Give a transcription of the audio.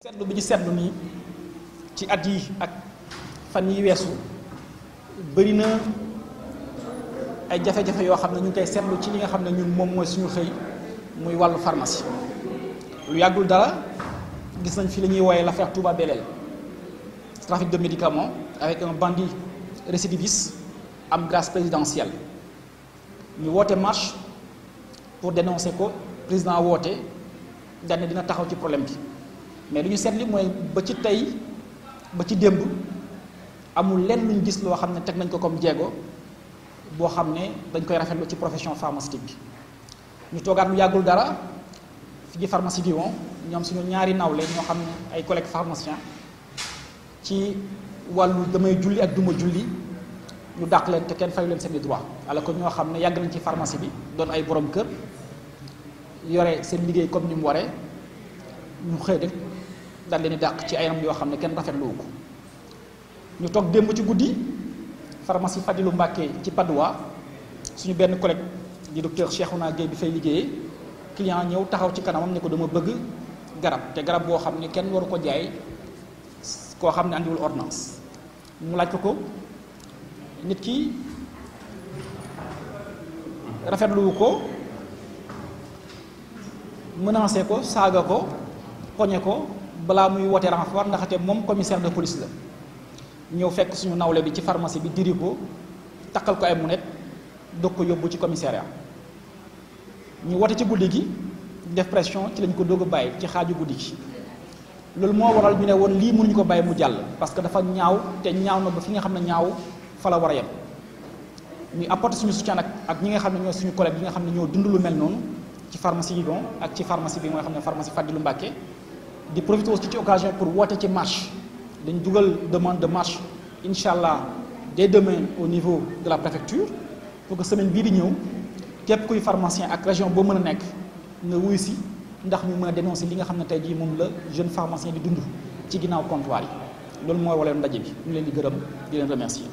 seetlu bi ñu seetlu nii ci at yi ak fan yi weesu bëri na ay jafe-jafe yoo xam ne ñu ngi koy seetlu ci li nga xam ne ñun moom mooy suñu xëy muy wàllu pharmacie lu yàggul dara gis nañ fi la ñuy wooyee l'affaire Touba Belel trafic de médicaments avec un bandit récidiviste am grâce présidentielle ñu woote marche pour dénoncer ko président woote dañ dina taxaw ci problème bi mais lu ñu seetli mooy ba ci tey ba ci démb amul lenn luñ gis loo xam ne teg nañ ko comme jéego boo xam ne dañ koy rafetlu ci profession pharmaceutique bi ñu toogaat lu yàggul dara fi ci pharmacie Guyon ñoom suñu ñaari nawle ñoo xam ne ay collègues pharmaciens ci wàllu damay julli ak duma julli ñu dàq leen te kenn fayu leen seen i droit wala ko ñoo xam ne yàgg nañ ci pharmacie bi doon ay borom kër yore seen liggéey comme ni mu waree ñu xëy rek daal leen di dàq ci ay anam yoo xam ne kenn rafetlu wu ko ñu toog démb ci guddi pharmacie Fadilou Mbacké ci Padoua suñu benn collègue di docteur Cheikhouna Guèye bi fay liggéeyee client ñëw taxaw ci kanamam ne ko dama bëgg garab te garab boo xam ne kenn waru ko jaay koo xam ne andiwul ordonnance mu ko. nit ki rafetluwu ko menacé ko saaga ko poñe ko balaa muy woote renfort ndaxate moom commissaire de police la ñëw fekk suñu nawle bi ci pharmacie bi diri ko takkal ko ay munet dog ko yóbbu ci commissariat ñu woote ci guddi gi def pression ci lañ ko doog a bàyyi ci xaaju guddi gi loolu moo waral bi ne woon lii mënuñu ko bàyyi mu jàll parce que dafa ñaaw te ñaaw na ba fi nga xam ne ñaaw fa la war a yem ñu apporter suñu soutien nag ak ñi nga xam ne ñoo suñu collègue yi nga xam ne ñoo dund lu mel noonu ci pharmacie Guidon ak ci pharmacie bi nga xam ne pharmacie Fadilou Mbacké di profiter aussi ci occasion pour woote ci marche dañu dugal demand de marche incha allah des demain au niveau de la préfecture pour que semaine bii di ñëw képp kuy pharmacien ak région boo mën a nekk nga wuy si ndax ñu mën a dénoncer li nga xam ne tey jii moom la jeune pharmacien di dund ci ginnaaw comptoir yi loolu mooy waleelu ndaje bi ñu leen di gërëm di leen